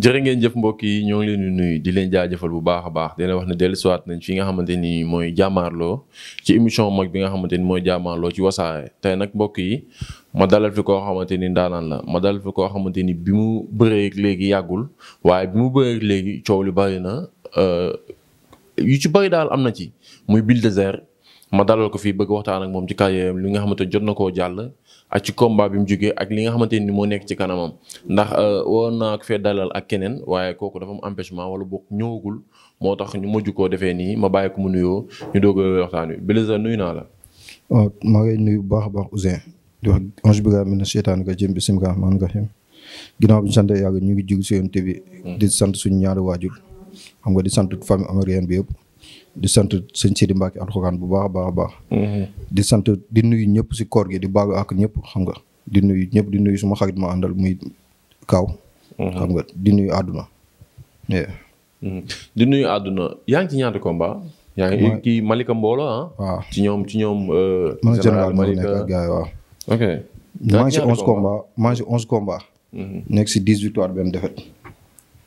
jëre ngeen jëf mbokk yi ñoo ngi leen di nuyu di leen jaajëfal bu baax a baax di leen wax ne dellu siwaat nañ fi nga xamante ni mooy jàmmaarloo ci émission mag bi nga xamante ni mooy jàmmaarloo ci wasaare tey nag mbokk yi ma dalal fi koo xamante ni ndaanaan la ma dalal fi koo xamante ni bi mu bëree léegi yàggul waaye bi mu bëree léegi coow lu bari na euh, yu ci bari daal am na ci muy Bulldozer ma dalal ko fii bëgg waxtaan ak moom ci carrière li nga xamante jot na ko jàll ak ci combat bi mu jógee ak li nga xamante ni moo nekk ci kanamam ndax euh, waroon naa ko fee dalal ak keneen waaye kooku dafa mu empêchement wala boog ñëwagul moo tax ñu mujj koo defee nii ma bàyyi ko mu nuyoo ñu doog waxtaan wi Bélisa nuyu naa la. waaw oh, maa ngi nuyu baax a baax Ouzin di wax onze bi nga xam ne seetaan nga jëm bisimilah maa ngi koy ginnaaw bi ñu sant yàlla ñu ngi jug si yoon bi. Hmm. di sant suñu ñaari waajur xam nga di sant famille américaine bi yëpp. di sant sëñ di Mbacke alxuraan bu baax a baax a baax. Mhm. di sant di nuyu ñëpp si koor gi di baalu ak ñëpp xam nga di nuyu ñëpp di nuyu suma xarit ma àndal muy kaw. Mhm. nga di nuyu àdduna. Mhm. di nuyu àdduna yaa ngi ci yaa ngi kii Malika Mbolo ah. waaw ci ñoom ci ñoom. Euh, ngi si onze combats maa si onze combats. nekk si dix victoire benn défaite.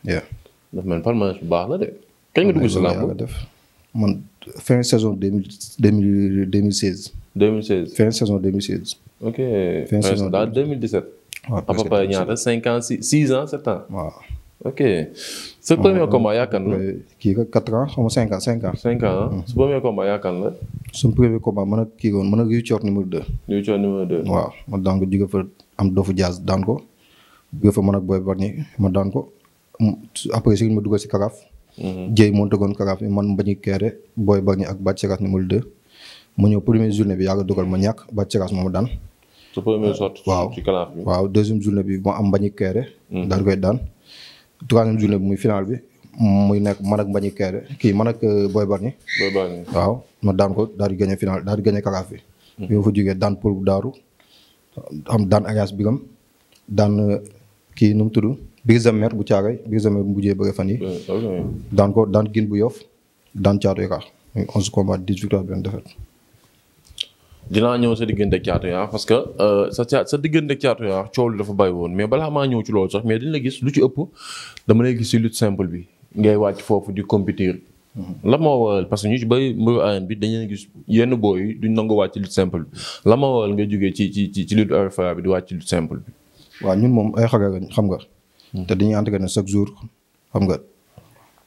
daf mel palmarès bu baax la de. kañ nga dugg si làmb def. man fin saison deux mille deux mille deux mille deux mille seize fin saison deux mille seize. ok fin saison daal deux mille dix sept. waaw kii ko quatre ans xaw ma cinq ans a ko mën a Riu Coor numéro deux. Riu Coor numéro deux. waaw ma fa am dofu jaas daan ko jóge fa mën a booy barñi ma daan ko après si ma dugal si karaaf. Dieye mm-hmm. moo dëggoon karaaf bi man Mbagnick Kéré Boy Bargny ak Bathie Seras numéro 2. ma ñëw première journée bi yàlla dogal ma ñàkk Bathie Seras moomu daan. sa waaw waaw deuxième journée bi am Mbagnick Kéré. Mm-hmm. daal di koy daan. troisième muy final bi muy nekk man ak Mbagnick Kéré kii man ak euh, Boy Bargny. Boy waaw ma daan ko daal di gagné final daal di gagné karaaf bi. Mm-hmm. bi ma fa jógee daan Paul Daaru am daan Arias Biram daan euh, kii nu mu Brise de bu Thiaroye Brise de Mer bu mujjee bëre fan yi daan ko daan gin bu yof daan Thiatou Yarakh onze combat dix di benn défaite dinaa ñëw sa diggante Thiatou Yarakh parce que euh, sa ca sa diggante Thiatou Yarakh coow lu dafa bàyyi woon mais balaa maa ñëw ci loolu sax mais dañ la gis lu ci ëpp dama lay gis ci lutte simple bi ngay wàcc foofu di compétir mhm. la moo waral parce que ñu ci bëri mbiru arène bi dañu gis yenn booy yi duñ nangu wàcc lutte simple la moo waral ngay jógee ci ci ci lutte RFA bi di wàcc lutte simple bi. waaw moom ay xaga xam nga. te dañuy ne chaque jour xam nga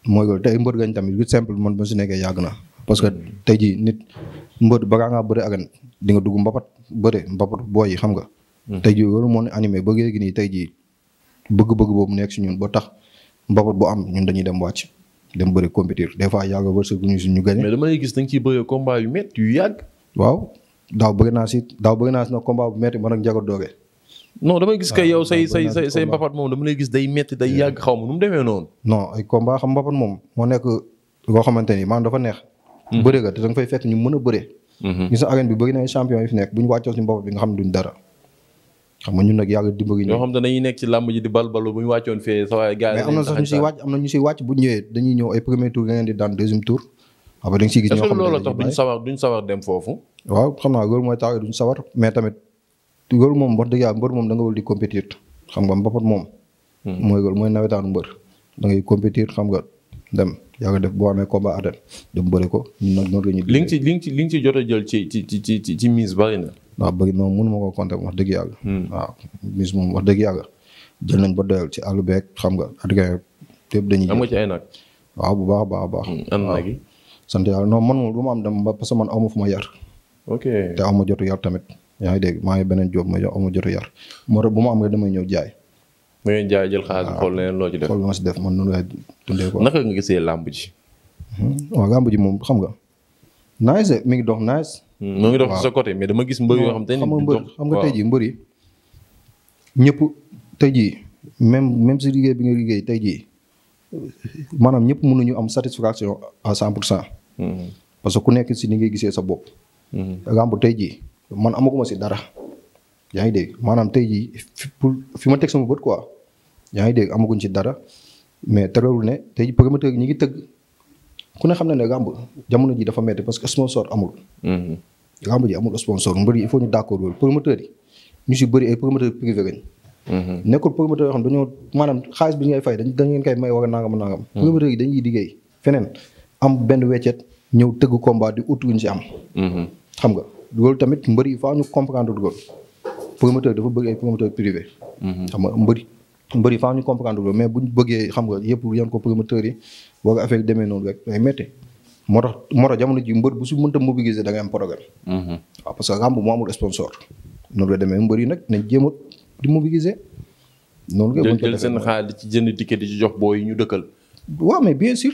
mooy loolu tey mbër gañ tamit lu simple man ba si nekkee yàgg na parce que tey jii nit mbër balaa ngaa bëri ak di nga dugg mbapat bëri mbapat boo yi xam nga. Hmm. tey ji loolu moo ne animé ba léegi nii tey jii bëgg-bëgg boobu nekk si ñun ba tax mbapat bu am ñun dañuy dem wàcc dem bëri compétir des fois yàgg wërsëg ñu si ñu gagné. mais dama lay gis da nga ciy bëri yu métti yu yàgg. waaw daaw bëri naa si daaw bëri naa si nag combat bu métti man no damay gis que ah, yow say say say say mbapat moom dama lay gis day metti day yàgg xaw ma nu mu demee noonu. non ay combat xam mbapat moom moo nekk loo xamante ni mhm. ñu a bëre. Mhm. duñ sa waay gars yi. mais da nga xam ne loolu tax duñ sawar duñ sawar dem foofu. waaw xam naa loolu mooy tax duñ sawar mais tamit loolu moom wax dëgg yàlla mbër moom da nga war di compétir xam nga mbapat moom. Hmm. mooy loolu mooy nawetaan mbër da ngay compétir xam nga dem yaa nga def boo amee combat aden dem bëri ko ñun nag la ñuy. li nga li nga ci li nga ci jot a jël ci ci ci ci ci mise bari na. waaw bëri na moom mënuma ko compter wax dëgg yàlla. Hmm. waaw mise moom wax dëgg yàlla jël nañ ba doyal ci àll beeg xam nga adrien yëpp dañuy. am nga ci ay nag. waaw bu baax a baax a baax. Hmm, am na gi sant yàlla non man moom du ma am dem ba parce man aw ma fu ma yar. ok te aw ma jotu yar tamit. yaa ngi dégg maa ngi beneen job ma jox amu jot a yar moo tax bu ma am nga damay ñëw jaay. mu ngi jaay jël xaalis xool leneen def xool loo ci def man noonu lay dundee gisee làmb ji. Hmm? waaw ji moom xam nga. nice mi ngi dox nice. Hmm, mu ngi dox ci sa côté mais dama gis mbër yoo xam te ne. xam nga tey jii mbër yi ñëpp tey jii même même si liggéey bi nga liggéey tey jii maanaam ñëpp mënuñu am satisfaction à cent pour hmm. parce que ku nekk si ni ngay gisee sa bopp. làmb tey jii. man amaguma si dara yaa ngi dégg maanaam tey ji pour fi ma teg sama bët quoi yaa ngi dégg amaguñ si dara mais terewul ne te jii promoteur ñi ngi tëgg ku ne xam na ne gàmb jamono ji dafa parce que sponsor amul. Mm-hmm. gàmb ji amul sponsor mbër yi il ñu d'accord loolu promoteur yi ñu si bëri ay promoteur privé lañ. Mm-hmm. nekkul promoteur yoo xam dañoo maanaam xaalis bi ngay fay dañ dañ ngeen koy may wala nangam nangam. Mm-hmm. promoteur yi dañuy liggéey feneen am benn weccet ñëw tëgg combat di ut ñu si am. xam nga. loolu tamit mbër yi faa ñu comprendre loolu promoteur dafa bëgg ay promoteur privé. Mhm. xam nga mbëri mbëri faa ñu comprendre loolu mais bu ñu bëggee xam nga yëpp yan ko promoteur yi war affaire yi demee noonu rek day méttee. moo tax moo tax jamono ji mbër bu su mënta mobiliser da ngay am programme. Mhm. que ramb moo amul sponsor. noonu la demee mbër yi nag nañ jéem a di mobiliser. noonu nga jël seen xaalis di ci jënd ticket di ci jox booy ñu dëkkal. waaw mais bien sûr.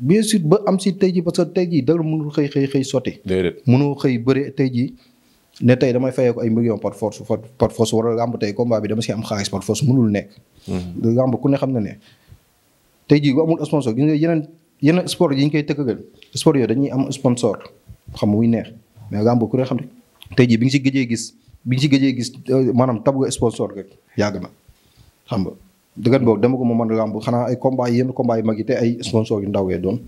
bien sûr ba am si tey jii parce que tey jii dara mënul xëy xëy xëy sotti. déedéet mënoo xëy bëre tey jii ne tey damay fayee ko ay millions par force par force wala làmb tey combat bi dama si am xaalis par force mënul nekk. Mm-hmm. làmb ku ne xam na ne tey jii bu amul sponsor gis nga yeneen yeneen sport yi ñu koy tëggal sport yooyu dañuy am sponsor xam muy neex mais làmb ku ne xam ne bi nga si gëjee gis bi nga si gëjee gis euh, maanaam tab sponsor rek yàgg na xam nga. dëggat boobu dama ko ma mën làmb xanaa ay combat yi yenn combat yu mag yi te ay sponsor yu ndawee doon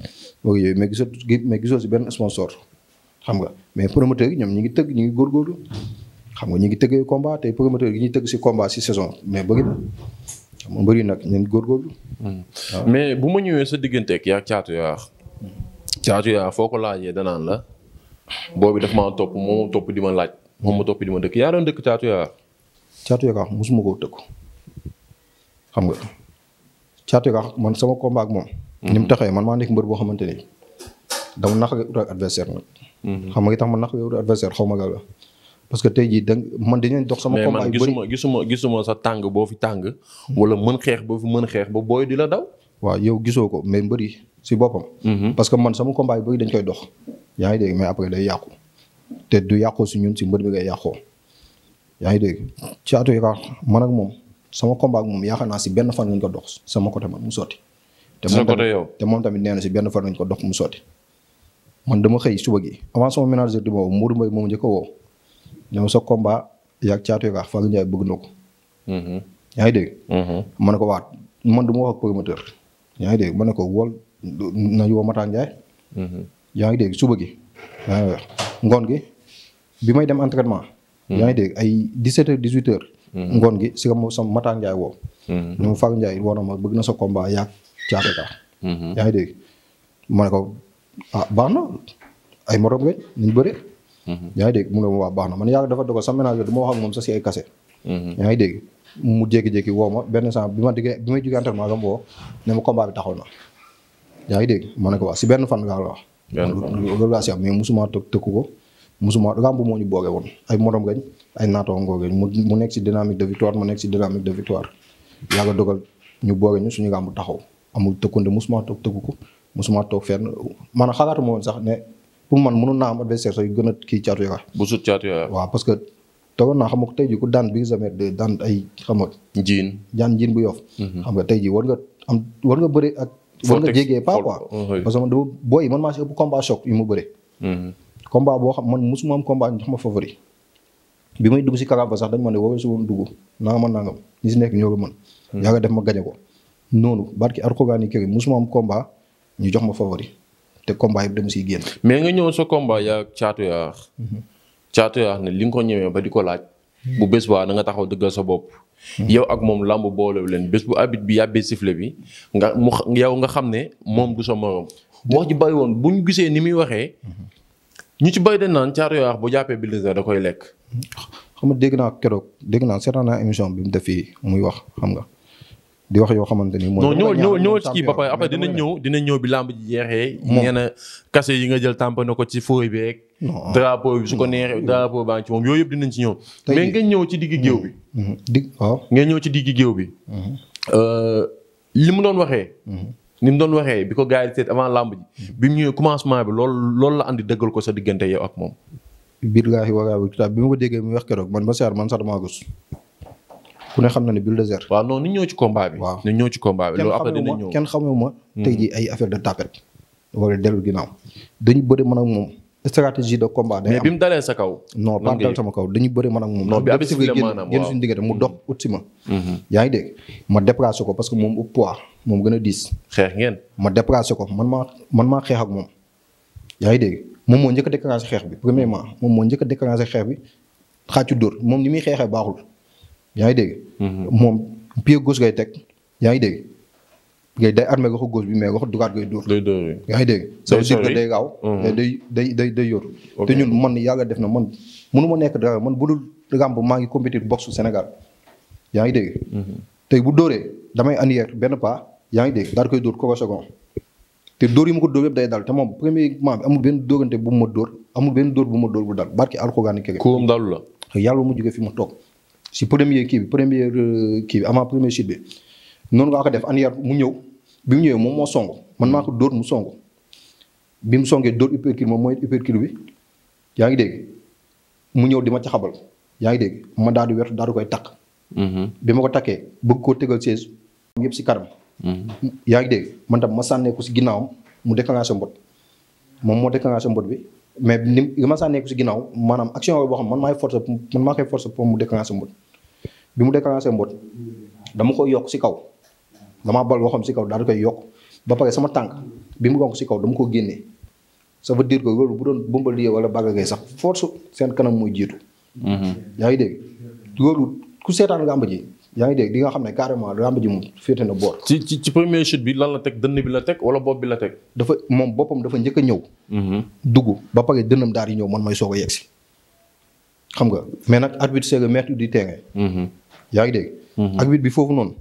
boog yooyu mais gisoo mais gisoo si benn sponsor xam nga mais promoteur yi ñoom ñi ngi tëgg ñi ngi góorgóorlu xam nga ñu ngi tëggee combat te promoteur yi ñuy tëgg si combat si saison mais bëri na xam nga bëri nag ñun góorgóorlu hmm. mais bu ma ñëwee sa digganteeg yaa caatu yaa caatu yaa foo ko laajee danaan la boobu daf maa topp moom topp di ma laaj moom ma topp di ma dëkk yaa doon dëkk caatu yaa musuma koo dëkk xam nga caatu yookax man sama combat ak moom. ni mu mhm. taxee man maa nekk mbër boo xamante ni dama nax nga ut ak adversaire mhm. xam nga tax ma nax nga ut xaw ma la parce que tey jii da man dañu dox sama. combat yu bëri mais gisuma gisuma gisuma sa boo fi tàng. wala mën xeex boo fi mën xeex ba booy di la daw. waaw yow gisoo ko mais mbër yi si boppam. Mhm. parce que man sama combat yu dañ koy dox. yaa ngi dégg mais après day yàqu te du yàqoo si ñun si mbër bi ngay yàqoo yaa ngi dégg caatu yookax man ak moom. sama combat ak moom yaakaar naa si benn fan lañ ko dox sama côté man mu sotti. sa côté yow te moom tamit nee na si benn fan nañ ko dox mu sotti. man dama xëy suba gi avant sama ménage di boobu Modou Mbaye moom njëkk a woo ñëw sa combat yaa ngi caatu yooyu Fallou Ndiaye bëgg na ko. Mhm. yaa ngi dégg. Mhm. ma ne ko waat man du ma wax ak promoteur. yaa ngi dégg ma ne ko wol na yoo Mataan Ndiaye. Mhm. yaa ngi dégg suba gi. ngoon gi bi may dem entraînement. yaa ngi dégg ay 17 heures 18 heures. Mm-hmm. ngoon gi si ma sama Matar Ndiaye woo. Mm-hmm. ni mu Fallou Ndiaye woo na ma bëgg na sa combat yàgg caafé ka. yaa mm-hmm. dégg ma ne ko ah na ay morom lañ ñu bëre. yaa ngi dégg mu ma waa baax na man yàlla dafa dogal sa ménage du ma wax ak moom sax si ay kase. yaa ngi dégg mu jékki-jékki woo ma benn sens bi ma diggee bi may jógee entraînement la woo ne ma combat bi taxaw na. yaa ngi dégg ma ne ko waa si benn fan laa la wax. loolu laa si am tëkku ko. musuma làmb moo ñu boole woon ay morom gañ ay naataangoo gañ mu nekk si dynamique de victoire mu nekk si dynamique de victoire yàlla dogal ñu boole ñu suñu làmb taxaw amul tëkkunde musuma toog tëggu ko musuma toog fenn man xalaatuma woon sax ne pour man mënoon naa am adversaire sax yu gën a kii caatu que toogoon naa xam nga tey jii ku daan bi jamais de daan ay xam nga. jiin daan jiin bu yof. Mhm. xam nga tey ji war nga am war nga bëri ak. war nga jégee pas quoi. Oh, parce que man dama booy man maa si ëpp combat choc yu ma bëri. Mhm. combat boo xam man mosuma am combat ñu jox ma favori bi may dugg si karaaba sax dañ ma ne woowee su woon dugg naa ma nangam ñi nekk ñoo ko mën. Hmm. yaa def ma gañe ko. noonu barki Alxuraani kër mosuma am combat ñu jox ma favori te combat yëpp dem génn. mais nga ñëw sa combat yaa caatu yaa caatu mhm. yaa li nga ko ñëwee ba di ko laaj. bu bés baa da nga taxaw dëggal sa bopp. Mhm. yow ak moom làmb boolewu leen bés bu abit bi yàbbee bi nga mu yow nga xam ne moom du sa morom. wax ji bari bu ñu gisee ni muy waxee. Mhm. ñu ci bay de naan Thiatou Yarakh bu jàppee Bulldozer da koy lekk. xam nga dégg naa keroog dégg naa seetaan naa émission bi mu def fii muy wax xam nga. di wax yoo xamante ni mooy. ñëwal ñëwal ñëwal ci kii ba pare après dina ñëw dina ñëw bi làmb ji jeexee. moom nee na kase yi nga jël tamponné ko ci fooy bi rek. drapeau bi su ko neexee drapeau baa ngi ci moom yooyu yëpp dinañ ci ñëw. mais ngeen ñëw ci digg géew bi. Mm-hmm. Mm-hmm. dig ñëw ci digg géew bi. Mm-hmm. Euh, li mu doon waxee. ni mu doon waxee bi ko gars yi seet avant làmb ji bi mu ñëwee commencement bi loolu la andi dëggal ko sa diggante yow ak moom. biir laa fi waxee kitaab bi ma ko déggee mu wax keroog man ba seer man sax damaa gis ku ne xam na ne Bulldozer. waaw non ni ñëw ci combat bi. waaw ni ñëw ci combat bi loolu après dinañ ñëw kenn xamuma kenn hmm. xamuma. tey jii ay de tapette. wala dellu ginnaaw dañu bëri man ak moom. stratégie de combat day am mais bi mu dalee sa kaw. non pas dal sama kaw dañu bëri man ak moom. non bi ab sifflet maanaam waaw génn ma. Mhm. yaa ngi dégg ma déplacé ko parce que moom ëpp poids moom gën a diis. xeex ngeen. ma déplacé ko man maa man maa xeex ak moom. yaa ngi dégg moom moo njëkk a déclenché xeex bi premièrement moom moo njëkk a déclenché xeex bi xaaju dóor moom ni muy xeexee baaxul. yaa ngi dégg. Mhm. moom pied gos ngay teg yaa ngi dégg. ngay day armé waxu gauche bi mais waxu dugaat ngay dóor. day dóor yi nga xam dégg. day gaaw. Mhm. day day day day yor. te ñun man yàlla def na man mënu ma nekk dara man bu dul ràmb maa ngi compétir boxe Sénégal yaa ngi dégg. Mhm. tey bu dóoree damay annière benn pas yaa ngi dégg daal koy dóor kooku te dóor yi ma ko dóor yëpp day dal te moom premièrement bi amul benn dóorante bu ma dóor amul benn dóor bu ma dóor bu dal barki alxuraan kege. kóom dalu la. yàlla mu jógee fi mu toog si premier kii bi premier euh, kii bi avant premier chute noonu nga ko def an yar mu ñëw bi mu ñëwee moom moo song man maa ko dóor mu song bi mu songee dóor uppercut moom mooy uppercut bi yaa ngi dégg mu ñëw di ma caxabal yaa ngi dégg ma daal di wetu daal koy takk. Mm-hmm. bi ma ko takkee bëgg koo tegal seize. yëpp si karam. Mm-hmm. yaa ngi dégg man tam ma sànneeku si ginnaawam mu déclenché mbot moom moo déclenché mbot bi mais ni ma sànneeku si ginnaaw maanaam action boo xam man maay force man maa koy force pour mu déclenché mbot bi mu déclenché mbot dama koy yokk si kaw. damaa bal waxam si kaw daal di koy yokk ba pare sama tànk bi mu ronk si kaw dama koo génnee ça veut dire loolu bu doon Bombardier wala Balla Gaye sax force seen kanam muy jiitu. Mhm. yaa ngi dégg loolu ku seetaan làmb ji. yaa ngi dégg di nga xam ne carrément làmb ji moom féete na boor. ci ci ci première chute bi lan la teg dënn bi la teg wala bopp bi la teg. dafa moom boppam dafa njëkk a ñëw. Mhm. dugg ba pare dënnam daal di ñëw man may soo a yegg si. xam nga mais nag arbitre c'est le maître du terrain. Mhm. yaa ngi dégg. arbitre bi foofu noonu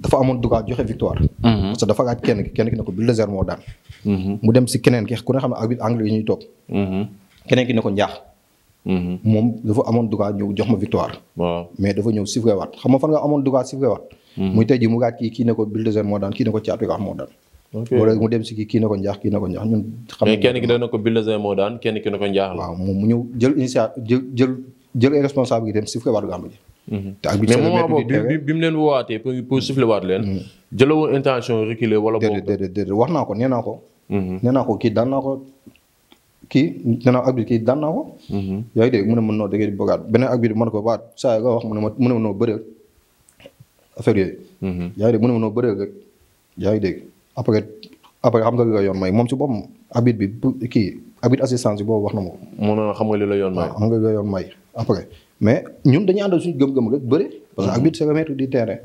dafa amoon droit joxe victoire. Mm-hmm. parce que dafa laaj kenn ki kenn ki ne ko Bulldozer moo daan. Mm-hmm. mu dem si keneen ki ku ne xam ne arbitre anglais yi ñuy mm-hmm. ne ko njaax. moom dafa amoon jox ma victoire. waaw mais dafa ñëw sifflé waat xam nga fan nga amoon droit sifflé waat. muy tey ko Bulldozer moo daan kii ne ko Thiatou Yarakh moo daan. ok wala mu dem si kii kii na ko njaax mais kenn ki dana ko Bulldozer moo daan kenn ki na ko njaax la. waaw mu ñëw jël initiative jël jël jël responsabilité dem sifflé waat gàmb ji Mhm. te ak bi mais moment boobu bi mu leen woowaatee pour pour siffler waat leen. Mhm. jëlawoo intention reculer wala. boobu déedéet déedéet wax naa ko nee naa ko. Mhm. nee naa ko kii daan naa ko kii nee naa ak kii daan naa ko. yaa ngi dégg mu ne mën noo déggee bëggaat beneen ak bi mën ko baat saa nga wax mu ne ma mu ne ma noo bëreel affaire yooyu. yaa ngi dégg ne ma noo bëreel yaa ngi dégg après xam nga li yoon may moom si boppam abit bi kii abit assistance bi boobu wax na ma ko. mu ne xam nga li yoon may. xam nga li la yoon may après. mais ñun dañuy àndal suñu gëm-gëm rek bëre. parce que ak biir cinq mètres du terrain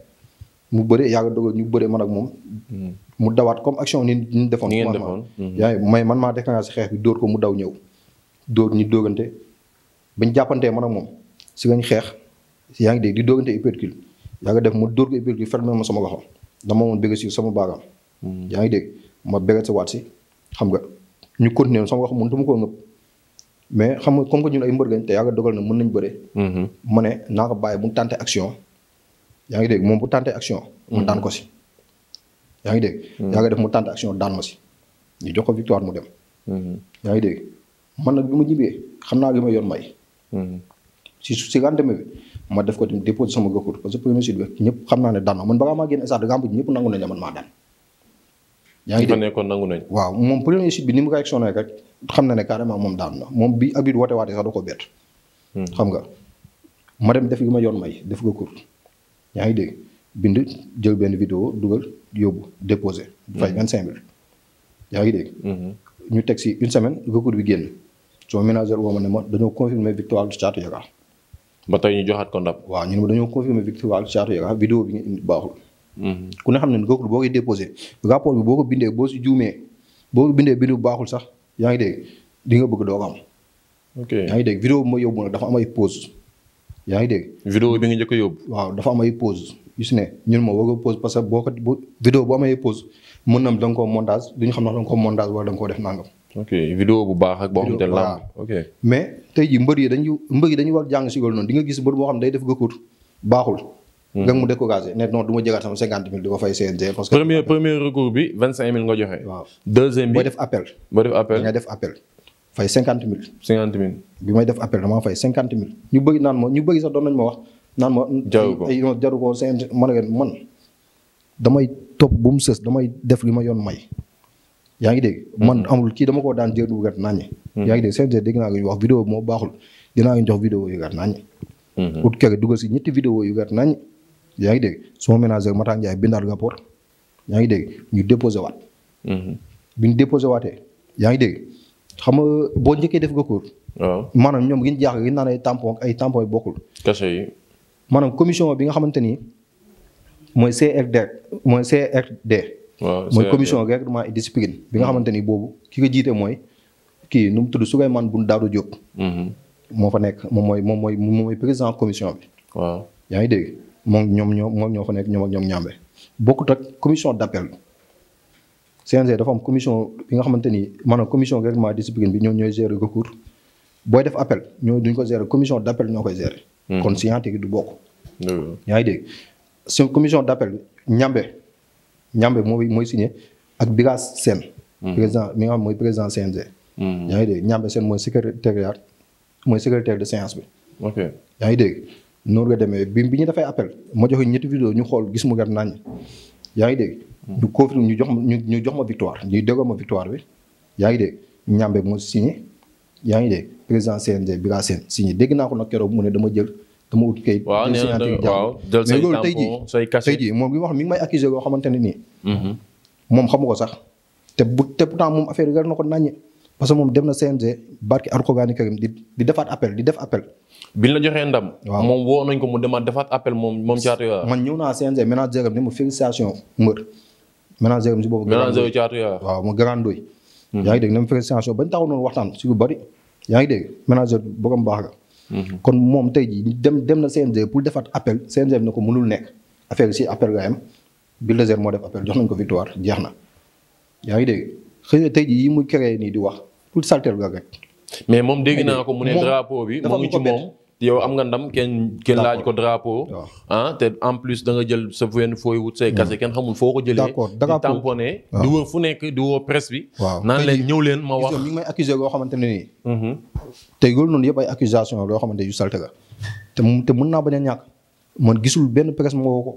mu bëre yàgg dogal ñu bëre man ak moom. mu dawaat comme action ni ñu defoon. ni ngeen defoon mm-hmm. yaa may man maa déclenché si xeex dóor ko mu daw ñëw. dóor ñu dóogante bañ jàppantee man ak moom si lañ xeex yaa ngi dégg di dóogante hypercule yaa nga def ma dóor ko hypercule fermé ma sama loxo dama woon bëgg si sama baagam. Mm-hmm. yaa ngi dégg ma bëgg sa waat si xam nga ñu continuer sama wax mënut ma koo ngëpp. mais xam nga comme que ñun ay mbër lañ te yàlla dogal na mën nañ bëre. Mm-hmm. ma ne naa ko bàyyi bu mu tànte action. yaa ngi dégg moom bu tànte action. mu mm-hmm. daan ko si. yaa ngi dégg. Mm-hmm. yàlla mu tànte action daan ma si. ñu jox ko victoire mu dem. yaa ngi dégg man nag bi ma ñibbee xam naa li ma yoon may. si si lendemain bi ma def ko tamit déposé sama recours parce que premier sud bi ñëpp xam naa ne daan na man balaa maa génn stade lamb ji nangu nañ la man maa daan. yaa ngi dégg nekkoon nangu waaw moom premier bi ni mu ko actionné rek xam na ne carrément moom daan na moom bi abit woote waate sax da hmm. xam nga ma def gi ma yoon may def ko court yaa ngi dégg bind jël benn vidéo dugal yóbbu déposé hmm. fay vingt cinq yaa ngi dégg hmm. ñu teg si une semaine recours bi génn sama ménageur woo ma ne ma dañoo confirmer victoire du Thiatou Yarakh ba tey ñu joxaat ko ndam waaw ñu ne ma dañoo confirmer victoire du Thiatou Yarakh bi nga indi baaxul ku ne xam ne kooku boo koy déposé rapport bi boo ko bindee boo si juumee boo ko bindee bind bu baaxul sax yaa ngi dégg di nga bëgg doo ko am. yaa ngi dégg vidéo bi ma yóbbu ay pause yaa ngi dégg. vidéo bi nga njëkk a yóbbu. waaw dafa am ay pause yu si ne ñun ma war a pause parce que boo ko bu vidéo boo amee pause mën na am da montage du ñu xam ndax da nga koo montage wala da nga koo def nangam. ok bu baax ak boo xamante ne lamb ok mais jii mbër yi dañu mbër yi dañu war jàng si loolu noonu di nga gis mbër moo xam ne day def recours baaxul Hmm. nga mu découragé ne non du ma jëgaat sama cinquante mille di ko fay CNG. parce que premier premier recours bi vingt nga joxe. waaw def appel. boo def appel nga def appel. fay cinquante mille. bi may def appel damaa fay cinquante mille. ñu bëri naan ma ñu bëri sax doon nañ ma wax. naan ma jaru ko ay jaru ko CNG ma man damay topp bu mu sës damay def li ma yoon may. yaa ngi dégg hmm. man amul kii dama koo daan jël dugat naññe. Hmm. yaa ngi dégg CNG dégg naa ko ñu wax vidéo moo baaxul dinaa ñu jox vidéo yu gàtt naññe. ut kër si ñetti vidéo yu gàtt naññe. yaa ngi dégg suma ménageur Matar Ndiaye bindaat rapport yaa ngi dégg ñu déposé waat. Mhm. bi ñu déposé waatee yaa ngi dégg xam nga boo njëkkee def recours. waaw maanaam ñoom gi ñu jaaxle gi naan ay tampon ay bokkul. maanaam commission bi nga xamante ni mooy CRD mooy CRD. waaw mooy commission règlement et discipline. bi nga mhm. xamante ni boobu ki ko jiite mooy kii nu mu tudd Souleymane Boun Daouda Diop. Mhm. moo fa nekk moom mooy moom mooy moom mooy commission bi. waaw yaa ngi dégg. moom ñoom ñoom moom ñoo fa nekk ñoom ak ñoom ñaambe bokkut ak commission d'appel CNG dafa am commission bi nga xamante ni maanaam commission règlement discipline bi ñoo ñooy gérer recours booy def appel ñoo duñ ko gérer commission d'appel ñoo koy gérer. Hmm. kon scientifique du bokk. yaa ngi dégg si commission d'appel ñambe ñambe mooy mooy signé ak Biras Sène. Hmm. président mi nga xam mooy président CNG. Hmm. yaa ngi dégg ñambe seen mooy secrétariat mooy secrétaire de séance bi. ok yaa ngi dégg. noonu la demee bi bi ñu dafay appel ma joxe ñetti vidéo ñu xool gis mu gën nañ yaa ngi de ñu confirme ñu jox ñu jox ma victoire ñu déggoo ma victoire bi yaa ngi dégg ñàmbe moo signé yaa ngi de président CNG bi laa seen signé dégg naa ko nag keroog mu ne dama jël. dama wut kayit. waaw nee na waaw jël say moom li ma wax mi ngi may accusé loo xamante ne nii. Mm-hmm. moom xamu ko sax te bu te pourtant moom affaire yi gën na ko naññee. parce que moom dem na CNG barki Alxuraanu Kariim di di defaat appel di def appel. biñ la joxee ndam. waaw moom woo nañ ko mu demaat defaat appel moom moom Thiatou Yarakh. man ñëw naa CNG manager am ni mu félicitation mbër. manager am si boobu. manager Thiatou Yarakh waaw mu grand doy. Mhm. yaa ngi dégg na mu félicitation bañ taxaw noonu waxtaan si lu bari. yaa ngi dégg manager borom baax la. Mhm. kon moom tey jii dem dem na CNG pour defaat appel CNG bi ne ko mënul nekk affaire bi si appel la yem Bulldozer moo def appel jox nañ ko victoire jeex na. yaa ngi dégg xëy na tey jii yi muy nii di wax pour saltel ga rek. mais moom dégg naa ko mu ne drapeau bi mu moom. yow am nga ndam kenn laaj ko drapeau. Ah, te en plus da nga jël sa wenn fooy wut say kase hmm. kenn xamul foo ko jëlee. di tamponné di wër fu nekk di woo presse bi. waaw naan leen ñëw ma wax. mi may accusé loo xamante nii. Mhm. te loolu noonu yëpp ay accusation loo xamante yu salte la. te te naa bañ a ñàkk man gisul benn presse ma woo ko.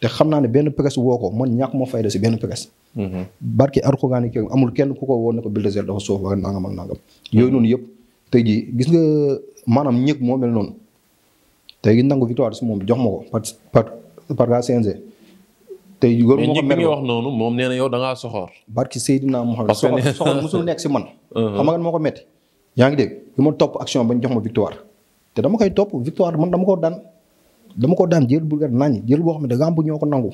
te xam naa ne benn presse woo ko man ñàkk ma fayda si benn presse. Mm-hmm. barke Alxuraan amul kenn ku ko woo ne ko Bulldozer dafa soof wala nangam ak nangam. yooyu noonu yëpp tey jii gis nga maanaam ñëg moo mel noonu tey jii nangu victoire si moom jox ma ko par par par la CNG. tey jii war moo ko wax noonu moom nee na yow da ngaa soxor. barke Seydina Mohamed soxor soxor musul nekk si man. Mm-hmm. xam nga moo ko metti yaa ngi dégg bi ma topp action bañ jox ma victoire te dama koy topp victoire man dama ko daan. dama ko daan jël bu gën nañ jël boo xam ne da ñoo ko nangu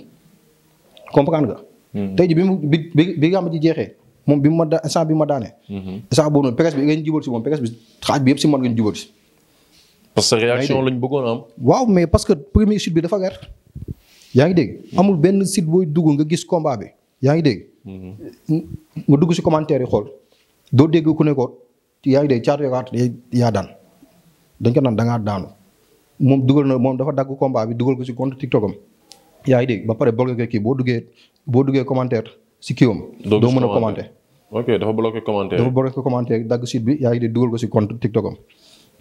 comprendre nga. Hmm. tey ji bi mu bi bi gàmb ji jeexee moom bi ma da instant bi ma daanee. Hmm. instant boobu noonu presse bi ngeen jubal si moom presse bi yëpp si man ngeen parce que réaction lañ bëggoon am. waaw mais parce que premier site bi dafa gàtt. yaa ngi dégg hmm. amul benn site booy dugg nga gis combat bi yaa ngi dégg. nga dugg si commentaire yi xool doo dégg ku ne ko yaa ngi dégg caatu yaa daan dañ ko naan da ngaa daanu. moom dugal na moom dafa dagg combat bi dugal ko si compte TikTok am yaa ngi dégg ba pare bloqué kii boo duggee boo duggee commentaire si kii am. doo mën a commenter ok dafa bloqué commentaire dafa bloqué commentaire dagg site bi yaa ngi dégg dugal ko si compte TikTok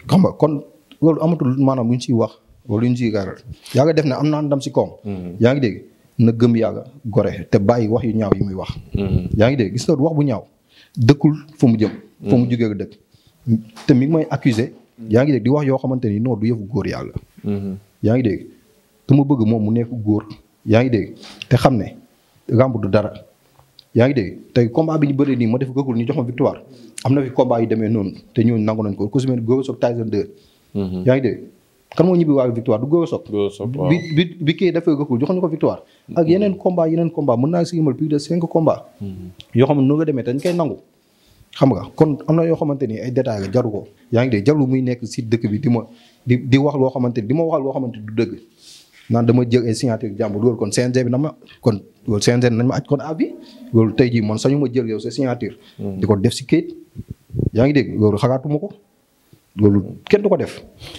xam nga kon loolu amatul maanaam lu ñu siy wax wala lu ñu siy gaaral yaa nga def am naa ndam si koom. Mm-hmm. yaa ngi dégg na gëm yàlla gore te bàyyi wax yu ñaaw yi muy wax. Mm-hmm. yaa ngi dégg gis nga wax bu ñaaw dëkkul fu mu jëm. fu mu mm-hmm. jugee dëkk te mi ngi may accuser yaa ngi dégg di wax yoo xamante ni non du yëfu góor yàlla. Mm-hmm. yaa ngi dégg te mu bëgg moom mu nekk góor yaa ngi dégg te xam ne ramb du dara. yaa ngi dégg te combat bi ñu bëree nii ma def gëgul ñu jox ma victoire am na fi combat yu demee noonu te ñooñu nangu nañ ko ku si mel Gora Sock Tyson mm-hmm. yaa ngi dégg kan moo ñibbi waaye victoire du Gora Sock. Gora Sock waaw bi bi bi kii dafay gëgul joxuñu ko victoire. ak mm-hmm. yeneen combat yeneen combat mën naa si yëngal plus de cinq yoo xam ne nu nga demee dañ koy nangu. xam nga kon am na yoo xamante ni ay détails jaru ko yaa ngi dégg jaru muy nekk si dëkk bi di ma di di wax loo xamante ni di ma waxal loo xamante ni du dëgg naan dama jël ay signature jàmbur loolu kon CNG bi na ma kon loolu CNG nañ ma kon ab bi loolu tey jii man sañu ma jël yow sa signature. Hmm. di ko def si kayit yaa ngi dégg loolu xagaatuma ko. loolu kenn du ko def.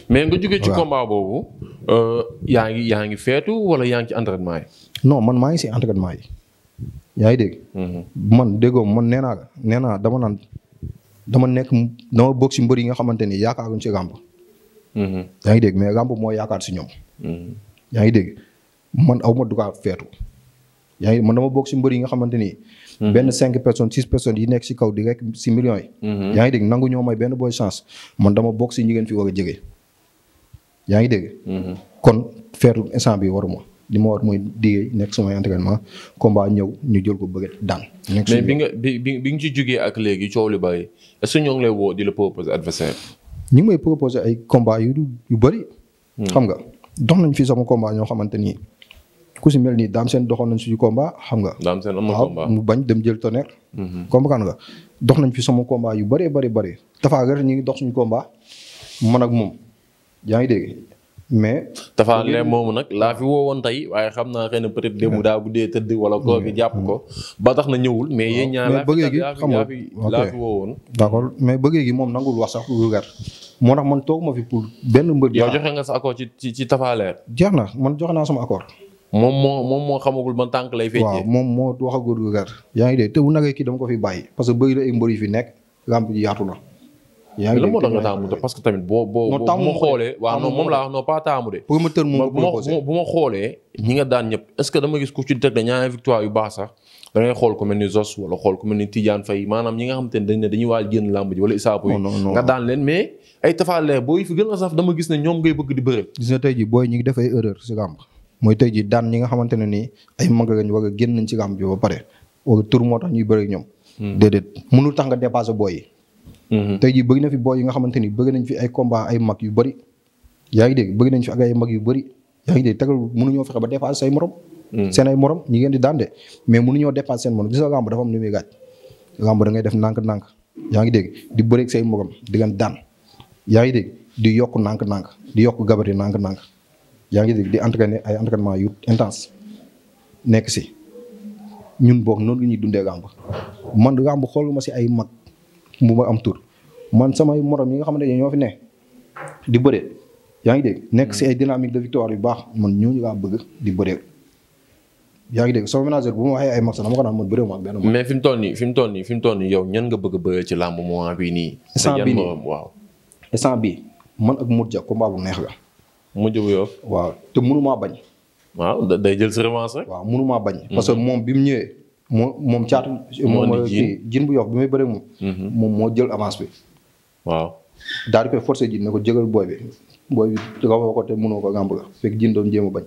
mais nga jógee ci combat boobu. Euh, yaa ngi yaa ngi feetu wala yaa ngi ci entraînement yi. non man maa ngi si entraînement yi. yaa ngi dégg. Mhm. man déggoo man neenaa naa nee naa dama naan dama nekk dama bokk si mbër yi nga xamante ni yaakaaruñ si Rambo. Mhm. yaa ngi dégg mais Rambo moo yaakaar si ñoom. Mhm. yaa ngi dégg man aw ma droit feetu. yaa ngi man dama bokk si mbër yi nga xamante ni. benn cinq personnes six personnes yi nekk si kaw di rek si millions yi. yaa ngi dégg nangu ñoo may benn booy chance man dama bokk si ñi ngeen fi war a jege. yaa ngi dégg. kon feetu instant bi waruma. li ma war mooy liggéey nekk samay entraînement combat ñëw ñu jël ko bëgg daan. mais bi nga bi bi nga ci jógee ak léegi coow li bari est-ce que lay woo di la proposer adversaire. ñu may proposer ay combat yu yu bëri. Hmm. xam nga dox nañ fi sama combat ñoo xamante ni ku nii daam seen doxoon nañ suñu combat xam nga. daam seen amul combat bañ dem jël tonnerre. Hmm. comprendre nga dox nañ fi sama combat yu bëree bëri bëri. Tafagar ñu ngi dox suñu combat man ak moom yaa ngi dégg. mais Tapha Leer moomu nag laa fi woo woon tey waaye xam naa xëy na peut-être démb daa guddee tëdd wala koo fi jàpp ko ba tax na ñëwul mais yéen ñaar laa bëggee gi xam nga laa fi woowoon d'accord mais bëggee gi moom nangul wax sax lugar moo tax man toog ma fi pour benn mbër yow joxe nga sa accord ci ci ci Tapha na man joxe naa sama accord moom moo moom moo xamagul ban tànk lay feccee waaw moom moo wax a góor lugar yaa ngi dégg te bu nagee kii dama ko fi bàyyi parce que bëri la mbër yi fi nekk làmb ji yaatu na yaa ngi moo tax nga taamu parce que tamit boo boo boo bu ma xoolee waaw non moom laa wax non pas taamu de promoteur moom bu ma xoolee ñi nga daan ñëpp est dama gis ku ci teg da victoire yu baax sax xool ku mel ni Zos wala nga xam te ne dañ ne dañuy waaj a saf dama gis ne ñoom ngay bëgg di bëre gis na tey ji booy ñi ngi def ay erreur si làmb mooy tey daan ñi nga xamante ne nii ay mag lañ war a génn nañ si làmb ji ba pare wala tur moo tax ñuy bëre ñoom hmm. déedéet mënul tax nga dépassé booy Mm-hmm. tey jii bëri na fi boo yi nga xamante ni bëri nañ fi ay combat ay mag yu bëri yaa ngi dégg bëri nañ fi ak ay mag yu bëri yaa ngi dégg tegal mënuñoo fexe ba dépassé say morom mm-hmm. seen ay morom ñi ngeen di daan de mais mënuñoo dépassé seen morom gis nga da ngay def nànk-nànk yaa ngi dégg di bëreeg say morom di leen daan yaa ngi dégg di yokk nànk-nànk di yokk gabari nànk-nànk yaa ngi dégg di entraîner ay entraînement yu intense nekk si ñun boog noonu la ñuy dundee làmb man làmb xooluma si ay mag mu ma am tur man samay morom yi nga xam ne ñoo fi ne di bëre yaa ngi dégg nekk si ay dynamique de victoire yu baax man ñu laa bëgg di bëree yaa ngi dégg sama manager bu ma waxee ay max dama ko naan ma ak benn mais fi mu toll nii fi mu toll nii fi mu toll nii yow ñan nga a bëree nii. instant bii nii waaw. instant man ak Modou Dia combat bu neex la. Modou Dia waaw te mënumaa bañ. waaw day jël sa revanche rek. waaw mënumaa bañ. parce moom bi mu ñëwee. moo moom caatu. moom kii jin bu yokk bi muy bëri mm-hmm. moom. moo jël avance bi. waaw daal di koy forcer jin ne ko jëgal booy bi booy bi dafa ko te mënoo ko gàmb la fekk jin doon jéem a bañ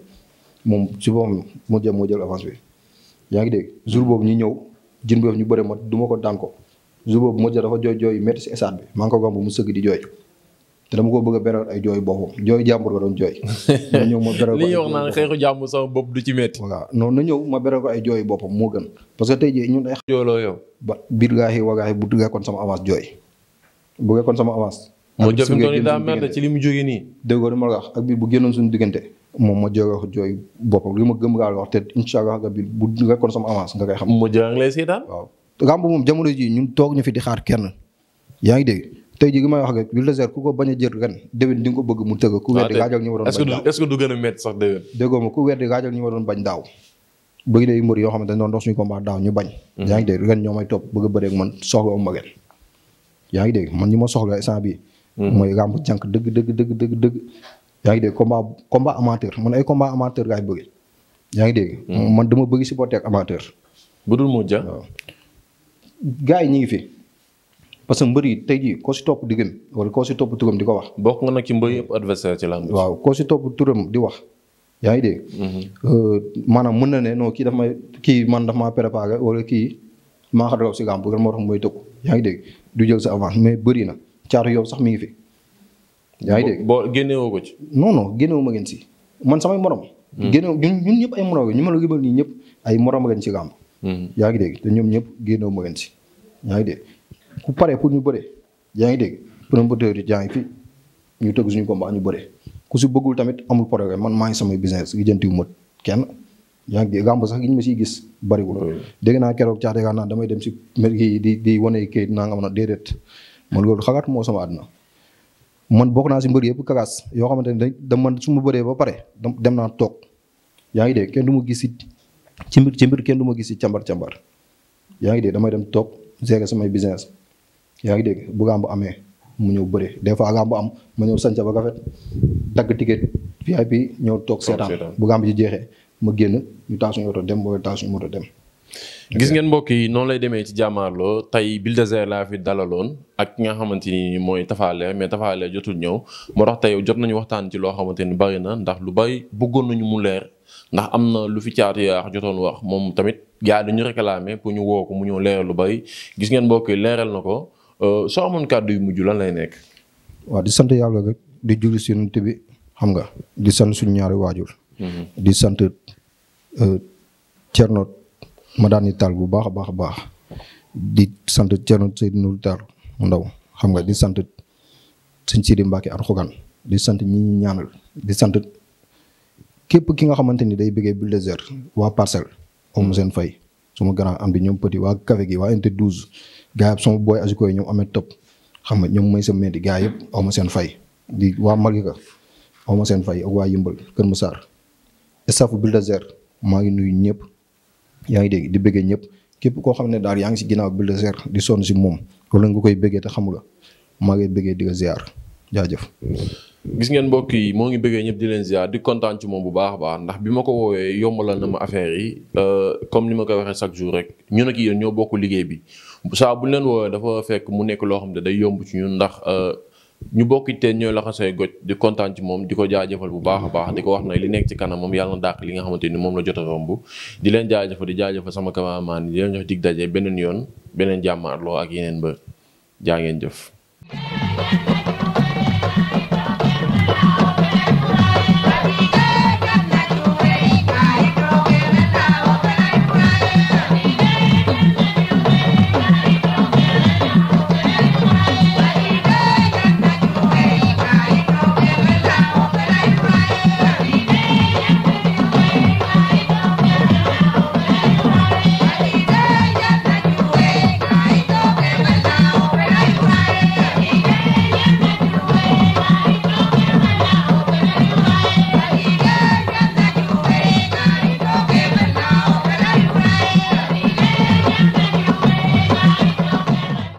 moom si boppam moo jëm moo jël avance bi. yaa ngi dégg jour boobu ñu ñëw jin bu yokk ñu bëri ma du ma ko daan ko jour boobu moo jël dafa jooy jooy yu métti si bi maa ngi ko gàmb mu sëgg di jooy. te dama ko bëgg a beral ay jooy boppam jooy jàmbur ko doon jooy. na ñëw ma beral ko ay jooy boppam li na ñëw ma beral ko ay jooy boppam moo gën parce que tey jii ñun ay. jooloo yow. ba biir gaax yi waa yi bu duggee kon sama avance jooy bu kon sama avance. moo jëf ni daa mel ci li mu jógee nii. déggoo dama la wax ak suñu diggante moom ma jóge wax jooy boppam li ma gëm gaal wax te incha allah nga biir bu kon sama avance nga koy xam. mu jàng lay seetaan. moom jamono jii ñun toog ñu fi di xaar kenn yaa ngi dégg tey jii may wax ak Bulldozer ku ko bañ a jël ren déwén di ko bëgg mu tëgg ku weddi ah, gaajal ñu a métti ma ku bañ daaw bëgg yoo xamante ne doon dox suñu combat daaw ñu bañ mm-hmm. yaa ngi dégg ren ñoo may topp bëgg a bëreeg man soxla am yaa ngi dégg man ñi ma soxla instant bii mm-hmm. mooy ràmb jànk dëgg dëgg dëgg dëgg dëgg yaa ngi dégg combat combat amateur man ay combat amateur gaay bëgg yaa ngi dégg mm-hmm. man dama bëgg supporter ak amateur bu dul moo ja waaw gars yi ñi ngi fi parce que mbër yi tey jii koo si topp diggam wala koo si topp turam di ko wax. bokk nga nag ci mbër yëpp adversaire ci làmb. waaw koo si topp turam di wax. yaa ngi dégg. Mm-hmm. Euh, maanaam mën na ne noo kii dafa may kii man dafa maa préparé wala kii maa xam ne si gàmm moo tax mooy tëkku yaa ngi dégg du jël sa avance mais bëri na caatu yow sax mi ngi fi. yaa ngi dégg boo génnewoo ko ci. non non ma ngeen si man samay morom. Mm-hmm. génnewu ñun ñun ñëpp ay morom ñu ma la ñëpp ay morom ngeen si gàmm. Mm-hmm. yaa ngi dégg te ñoom ñëpp génnewu ma ngeen si yaa ngi ku paree pour ñu bëre yaa ngi dégg promoteur yi di ngi fi ñu tëgg suñu combat ñu bëre ku si bëggul tamit amul problème man maa ngi samay business gi jëntiwu mot kenn yaa ngi gàmb sax ñu ma siy gis bariwul dégg naa keroog caax naa damay dem si kii di di wane kayit naa nga mën a déedéet man loolu xagaat moo sama àdduna man bokk naa si mbër yëpp kakaas yoo xamante ne da man su ma bëree ba pare dem naa toog yaa ngi dégg kenn du ma gis ci mbir ci mbir kenn du ma gis si càmbar càmbar yaa ngi dégg damay dem toog gérer samay business yaa ngi dégg bu gàmb amee mu ñëw bëre des fois gàmb am ma ñëw sanca ba rafet tagg ticket VIP ñëw toog seetaan bu gàmb ci jeexee ma génn ñu taal suñu oto dem booy taal suñu dem. gis ngeen mbokk yi noonu lay demee ci jàmmaarloo tey Bulldozer laa fi dalaloon ak nga xamante ni mooy Tapha Leer mais Tapha Leer jotul ñëw moo tax tey jot nañu waxtaan ci loo xamante ni bari na ndax lu bari bëggoon nañu mu leer ndax am na lu fi caatu yaa jotoon wax moom tamit gaa dañu réclamer pour ñu woo ko mu ñëw leeral lu bari gis ngeen mbokk yi leeral na ko. Euh, soo amoon kàddu yu mujj lan lay nekk. waaw di sant yàlla di julli si yonent bi xam nga di sant suñu ñaari waajur. Mm-hmm. di sant euh, Thierno Madani Tall bu baax a baax a baax di sant Thierno Seydou Nourou Tall mu ndaw xam nga di sant sëñ Sidi Mbacke Arxugan di sant ñi ñu ñaanal di sant képp ki nga xamante ni day bëggee Bulldozer waa parcelle amu seen fay. suma grand am di ñoom petit waa café gi waa unité 12 gars yi sama booy Aziko yi ñoom amee top xam nga ñoom mooy sa métti gaa yëpp aw ma seen fay di waa Malika aw ma seen fay ak waa Yëmbal Kër Massar staff Bulldozer maa ngi nuyu ñëpp yaa ngi dégg di bëggee ñëpp képp koo xam ne daal yaa ngi si ginnaaw Bulldozer di sonn si moom loolu nga koy bëggee te xamula maa ngi bëggee di ko jaajëf. gis ngeen mbokk yi moo ngi bëggee ñëpp di leen ziar di kontaan ci moom bu baax a baax ndax bi ma ko woowee yombalal na ma affaire yi euh, comme ni ma ko waxee chaque jour rek ñu ak yéen ñoo bokk liggéey bi saa bu leen woowee dafa fekk mu nekk loo xam ne day yomb ci ñun ndax euh, ñu bokk teen ñooy laxasay goj di kontaan ci moom di ko jaajëfal bu baax a baax di ko wax na li nekk ci kanam moom yàlla na dàq li nga xamante ni moom la jot a romb di leen jaajëfal di jaajëfal sama cameraman di leen jox dig daje beneen yoon beneen jàmmaarloo ak yeneen ba jaa ngeen jëf